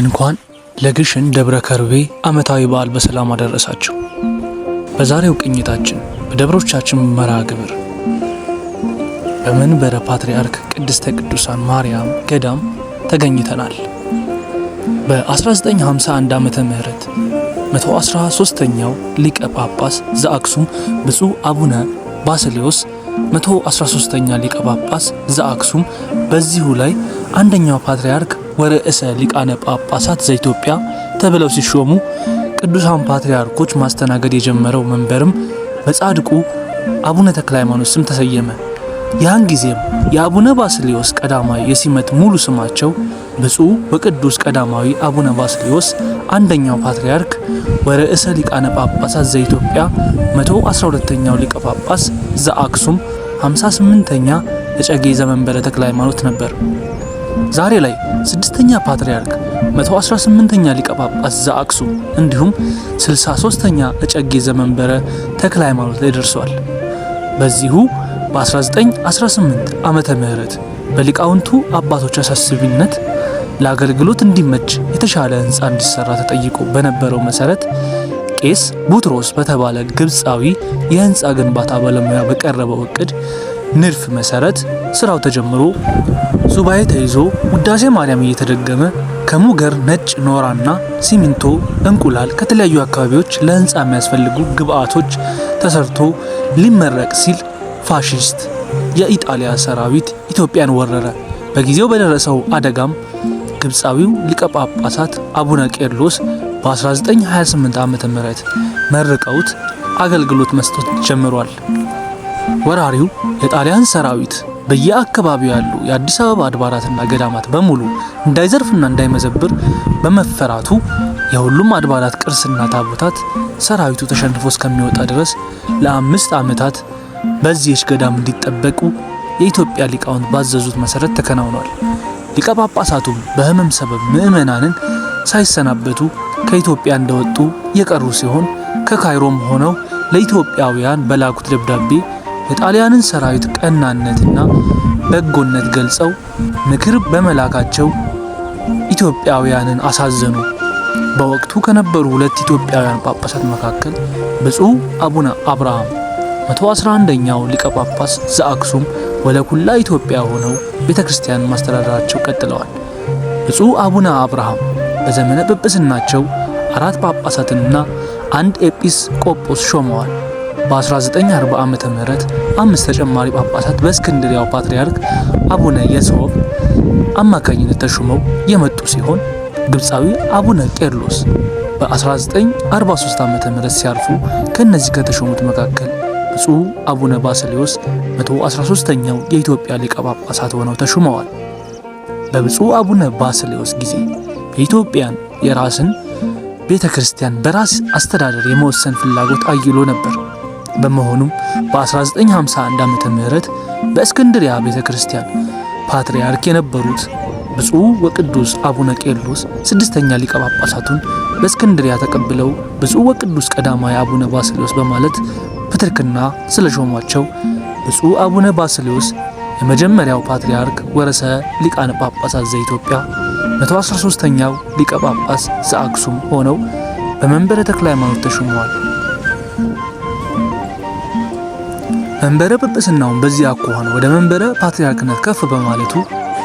እንኳን ለግሽን ደብረ ከርቤ ዓመታዊ በዓል በሰላም አደረሳችሁ። በዛሬው ቅኝታችን በደብሮቻችን መርሃ ግብር በመንበረ ፓትርያርክ ቅድስተ ቅዱሳን ማርያም ገዳም ተገኝተናል። በ1951 ዓመተ ምህረት 113ኛው ሊቀ ጳጳስ ዘአክሱም ብፁዕ አቡነ ባስሌዎስ 113ኛ ሊቀ ጳጳስ ዘአክሱም በዚሁ ላይ አንደኛው ፓትርያርክ ወርዕሰ ሊቃነ ጳጳሳት ዘኢትዮጵያ ተብለው ሲሾሙ ቅዱሳን ፓትርያርኮች ማስተናገድ የጀመረው መንበርም በጻድቁ አቡነ ተክለ ሃይማኖት ስም ተሰየመ። ያን ጊዜም የአቡነ ባስልዮስ ቀዳማዊ የሲመት ሙሉ ስማቸው ብፁዕ ወቅዱስ ቀዳማዊ አቡነ ባስልዮስ አንደኛው ፓትርያርክ ወርዕሰ ሊቃነ ጳጳሳት ዘኢትዮጵያ 112ኛው ሊቀ ጳጳስ ዘአክሱም 58ኛ እጨጌ ዘመንበረ ተክለ ሃይማኖት ነበር። ዛሬ ላይ ስድስተኛ ፓትርያርክ 118ኛ ሊቀ ጳጳስ ዘአክሱም እንዲሁም 63ኛ እጨጌ ዘመንበረ ተክለ ሃይማኖት ላይ ደርሰዋል። በዚሁ በ1918 ዓመተ ምህረት በሊቃውንቱ አባቶች አሳስቢነት ለአገልግሎት እንዲመች የተሻለ ህንፃ እንዲሰራ ተጠይቆ በነበረው መሰረት ቄስ ቡትሮስ በተባለ ግብፃዊ የህንፃ ግንባታ ባለሙያ በቀረበው እቅድ ንድፍ መሰረት ስራው ተጀምሮ ሱባኤ ተይዞ ውዳሴ ማርያም እየተደገመ ከሙገር ነጭ ኖራና ሲሚንቶ፣ እንቁላል ከተለያዩ አካባቢዎች ለህንፃ የሚያስፈልጉ ግብአቶች ተሰርቶ ሊመረቅ ሲል ፋሽስት የኢጣሊያ ሰራዊት ኢትዮጵያን ወረረ። በጊዜው በደረሰው አደጋም ግብፃዊው ሊቀ ጳጳሳት አቡነ ቄርሎስ በ1928 ም መርቀውት አገልግሎት መስጠት ጀምሯል። ወራሪው የጣሊያን ሰራዊት በየአካባቢው ያሉ የአዲስ አበባ አድባራትና ገዳማት በሙሉ እንዳይዘርፍና እንዳይመዘብር በመፈራቱ የሁሉም አድባራት ቅርስና ታቦታት ሰራዊቱ ተሸንፎ እስከሚወጣ ድረስ ለአምስት ዓመታት በዚህች ገዳም እንዲጠበቁ የኢትዮጵያ ሊቃውንት ባዘዙት መሰረት ተከናውኗል። ሊቀ ጳጳሳቱም በህመም ሰበብ ምዕመናንን ሳይሰናበቱ ከኢትዮጵያ እንደወጡ የቀሩ ሲሆን ከካይሮም ሆነው ለኢትዮጵያውያን በላኩት ደብዳቤ የጣሊያንን ሰራዊት ቀናነትና በጎነት ገልጸው ምክር በመላካቸው ኢትዮጵያውያንን አሳዘኑ። በወቅቱ ከነበሩ ሁለት ኢትዮጵያውያን ጳጳሳት መካከል ብፁዕ አቡነ አብርሃም 111ኛው ሊቀ ጳጳስ ዘአክሱም ወለኩላ ኢትዮጵያ ሆነው ቤተ ክርስቲያን ማስተዳደራቸው ቀጥለዋል። ብፁዕ አቡነ አብርሃም በዘመነ ጵጵስናቸው አራት ጳጳሳትንና አንድ ኤጲስ ቆጶስ ሾመዋል። በ1940 ዓ ምህረት አምስት ተጨማሪ ጳጳሳት በእስክንድሪያው ፓትርያርክ አቡነ የሰወብ አማካኝነት ተሹመው የመጡ ሲሆን ግብፃዊ አቡነ ቄርሎስ በ1943 ዓ ሲያርፉ ከነዚህ ከተሾሙት መካከል ብፁዕ አቡነ ባስሌዎስ 113ኛው የኢትዮጵያ ሊቀ ጳጳሳት ሆነው ተሹመዋል። በብፁዕ አቡነ ባስሌዎስ ጊዜ የኢትዮጵያን የራስን ቤተ ክርስቲያን በራስ አስተዳደር የመወሰን ፍላጎት አይሎ ነበር። በመሆኑም በ1951 ዓመተ ምህረት በእስክንድሪያ ቤተ ክርስቲያን ፓትርያርክ የነበሩት ብፁዕ ወቅዱስ አቡነ ቄርሎስ ስድስተኛ ሊቀ ጳጳሳቱን በእስክንድሪያ ተቀብለው ብፁዕ ወቅዱስ ቀዳማዊ አቡነ ባስሌዎስ በማለት ፕትርክና ስለሾሟቸው ብፁዕ አቡነ ባስሌዎስ የመጀመሪያው ፓትርያርክ ወረሰ ሊቃነ ጳጳሳት ዘኢትዮጵያ 113ኛው ሊቀ ጳጳስ ዘአክሱም ሆነው በመንበረ ተክለ ሃይማኖት ተሹመዋል። መንበረ ጵጵስናውን በዚህ አኳኋን ወደ መንበረ ፓትርያርክነት ከፍ በማለቱ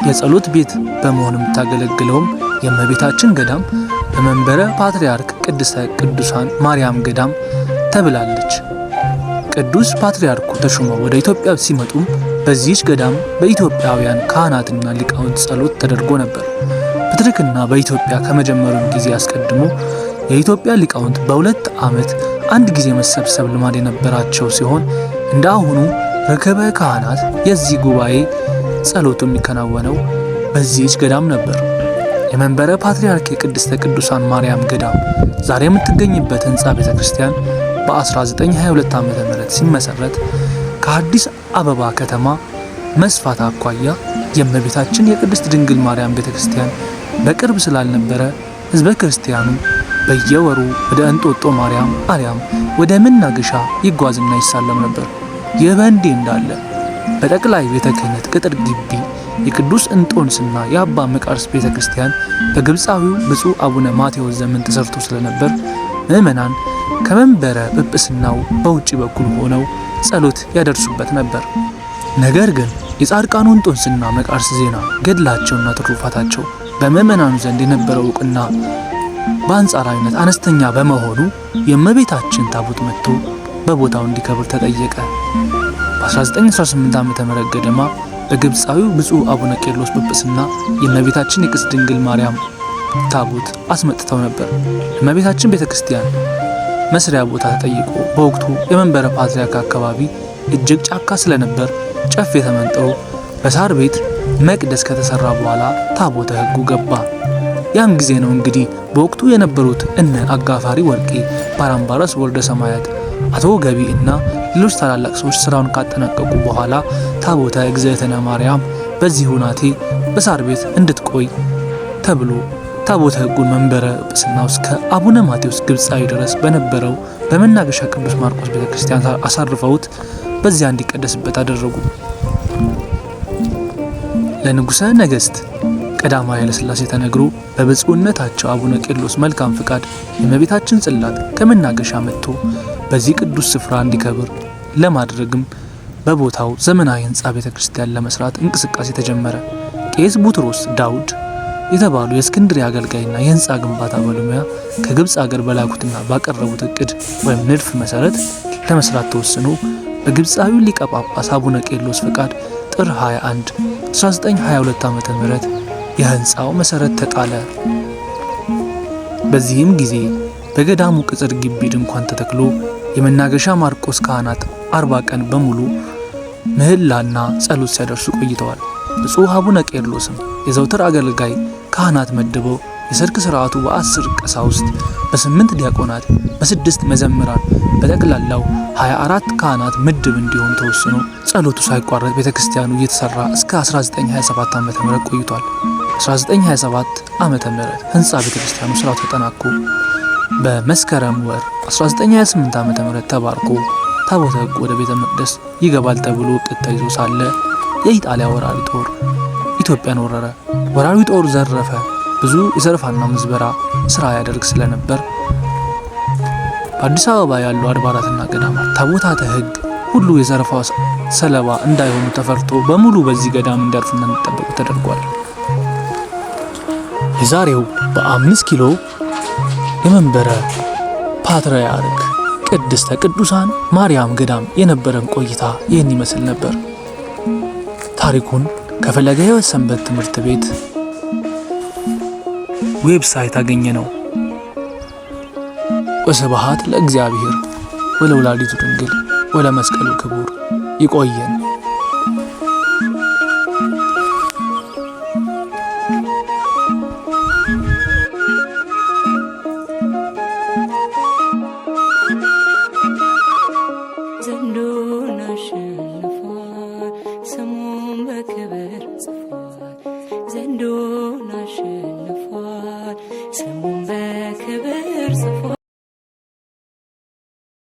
የጸሎት ቤት በመሆን የምታገለግለውም የእመቤታችን ገዳም በመንበረ ፓትርያርክ ቅድስተ ቅዱሳን ማርያም ገዳም ተብላለች። ቅዱስ ፓትርያርኩ ተሹመው ወደ ኢትዮጵያ ሲመጡም በዚህች ገዳም በኢትዮጵያውያን ካህናትና ሊቃውንት ጸሎት ተደርጎ ነበር። ፕትርክና በኢትዮጵያ ከመጀመሩም ጊዜ አስቀድሞ የኢትዮጵያ ሊቃውንት በሁለት ዓመት አንድ ጊዜ መሰብሰብ ልማድ የነበራቸው ሲሆን እንደ አሁኑ ረከበ ካህናት የዚህ ጉባኤ ጸሎት የሚከናወነው በዚህች ገዳም ነበር። የመንበረ ፓትርያርክ የቅድስተ ቅዱሳን ማርያም ገዳም ዛሬ የምትገኝበት ህንፃ ቤተ ክርስቲያን በ1922 ዓ ም ሲመሰረት ከአዲስ አበባ ከተማ መስፋት አኳያ የእመቤታችን የቅድስት ድንግል ማርያም ቤተ ክርስቲያን በቅርብ ስላልነበረ ህዝበ ክርስቲያኑ በየወሩ ወደ እንጦጦ ማርያም ማርያም ወደ መናገሻ ይጓዝና ይሳለም ነበር። ይህ በእንዲህ እንዳለ በጠቅላይ ቤተ ክህነት ቅጥር ግቢ የቅዱስ እንጦንስና የአባ መቃርስ ቤተ ክርስቲያን በግብፃዊው ብፁዕ አቡነ ማቴዎስ ዘመን ተሰርቶ ስለነበር ምእመናን ከመንበረ ጵጵስናው በውጭ በኩል ሆነው ጸሎት ያደርሱበት ነበር። ነገር ግን የጻድቃኑ እንጦንስና መቃርስ ዜና ገድላቸውና ትሩፋታቸው በምእመናኑ ዘንድ የነበረው እውቅና በአንጻራዊነት አነስተኛ በመሆኑ የእመቤታችን ታቦት መጥቶ በቦታው እንዲከብር ተጠየቀ። በ1918 ዓ ም ገደማ በግብፃዊው ብፁዕ አቡነ ቄርሎስ ጵጵስና የእመቤታችን የቅድስት ድንግል ማርያም ታቦት አስመጥተው ነበር። እመቤታችን ቤተ ክርስቲያን መስሪያ ቦታ ተጠይቆ በወቅቱ የመንበረ ፓትርያርክ አካባቢ እጅግ ጫካ ስለነበር ጨፌ ተመንጥሮ በሳር ቤት መቅደስ ከተሰራ በኋላ ታቦተ ሕጉ ገባ። ያን ጊዜ ነው እንግዲህ በወቅቱ የነበሩት እነ አጋፋሪ ወርቄ፣ ባራምባረስ ወልደ ሰማያት፣ አቶ ገቢ እና ሌሎች ታላላቅ ሰዎች ስራውን ካጠናቀቁ በኋላ ታቦተ እግዝእትነ ማርያም በዚህ ሁናቴ በሳር ቤት እንድትቆይ ተብሎ ታቦተ ሕጉን መንበረ ጵጵስናው እስከ አቡነ ማቴዎስ ግብፃዊ ድረስ በነበረው በመናገሻ ቅዱስ ማርቆስ ቤተ ክርስቲያን አሳርፈውት በዚያ እንዲቀደስበት አደረጉ። ለንጉሠ ነገሥት ቀዳማዊ ሥላሴ ተነግሮ በብፁዕነታቸው አቡነ ቄርሎስ መልካም ፍቃድ የእመቤታችን ጽላት ከመናገሻ መጥቶ በዚህ ቅዱስ ስፍራ እንዲከብር ለማድረግም በቦታው ዘመናዊ ሕንፃ ቤተ ክርስቲያን ለመስራት እንቅስቃሴ ተጀመረ። ቄስ ቡትሮስ ዳውድ የተባሉ የእስክንድሪ አገልጋይና የህንፃ ግንባታ ባለሙያ ከግብፅ አገር በላኩትና ባቀረቡት እቅድ ወይም ንድፍ መሰረት ለመስራት ተወስኖ በግብፃዊው ሊቀ ጳጳስ አቡነ ቄርሎስ ፍቃድ ጥር 21 1922 ዓ ም የህንፃው መሠረት ተጣለ። በዚህም ጊዜ በገዳሙ ቅጽር ግቢ ድንኳን ተተክሎ የመናገሻ ማርቆስ ካህናት አርባ ቀን በሙሉ ምህላና ጸሎት ሲያደርሱ ቆይተዋል። ብፁዕ አቡነ ቄርሎስም የዘውትር አገልጋይ ካህናት መድበው የሰርክ ስርዓቱ በአስር ቀሳውስት፣ በስምንት ዲያቆናት፣ በስድስት መዘምራን በጠቅላላው 24 ካህናት ምድብ እንዲሆን ተወስኖ ጸሎቱ ሳይቋረጥ ቤተ ክርስቲያኑ እየተሰራ እስከ 1927 ዓ ም ቆይቷል። 1927 ዓ ም ህንፃ ቤተ ክርስቲያኑ ስራው ተጠናቆ በመስከረም ወር 1928 ዓ ም ተባርኮ ታቦተ ህግ ወደ ቤተ መቅደስ ይገባል ተብሎ ዕቅድ ተይዞ ሳለ የኢጣሊያ ወራሪ ጦር ኢትዮጵያን ወረረ። ወራሪ ጦር ዘረፈ ብዙ የዘረፋና ምዝበራ ስራ ያደርግ ስለነበር በአዲስ አበባ ያሉ አድባራትና ገዳማት ታቦታተ ሕግ ሁሉ የዘረፋ ሰለባ እንዳይሆኑ ተፈርቶ በሙሉ በዚህ ገዳም እንዲያርፍ እንደሚጠበቁ ተደርጓል። የዛሬው በአምስት ኪሎ የመንበረ ፓትርያርክ ቅድስተ ቅዱሳን ማርያም ገዳም የነበረን ቆይታ ይህን ይመስል ነበር። ታሪኩን ከፈለገ ሕይወት ሰንበት ትምህርት ቤት ዌብሳይት አገኘ ነው። ወስብሐት ለእግዚአብሔር ወለወላዲቱ ድንግል ወለመስቀሉ ክቡር። ይቆየን።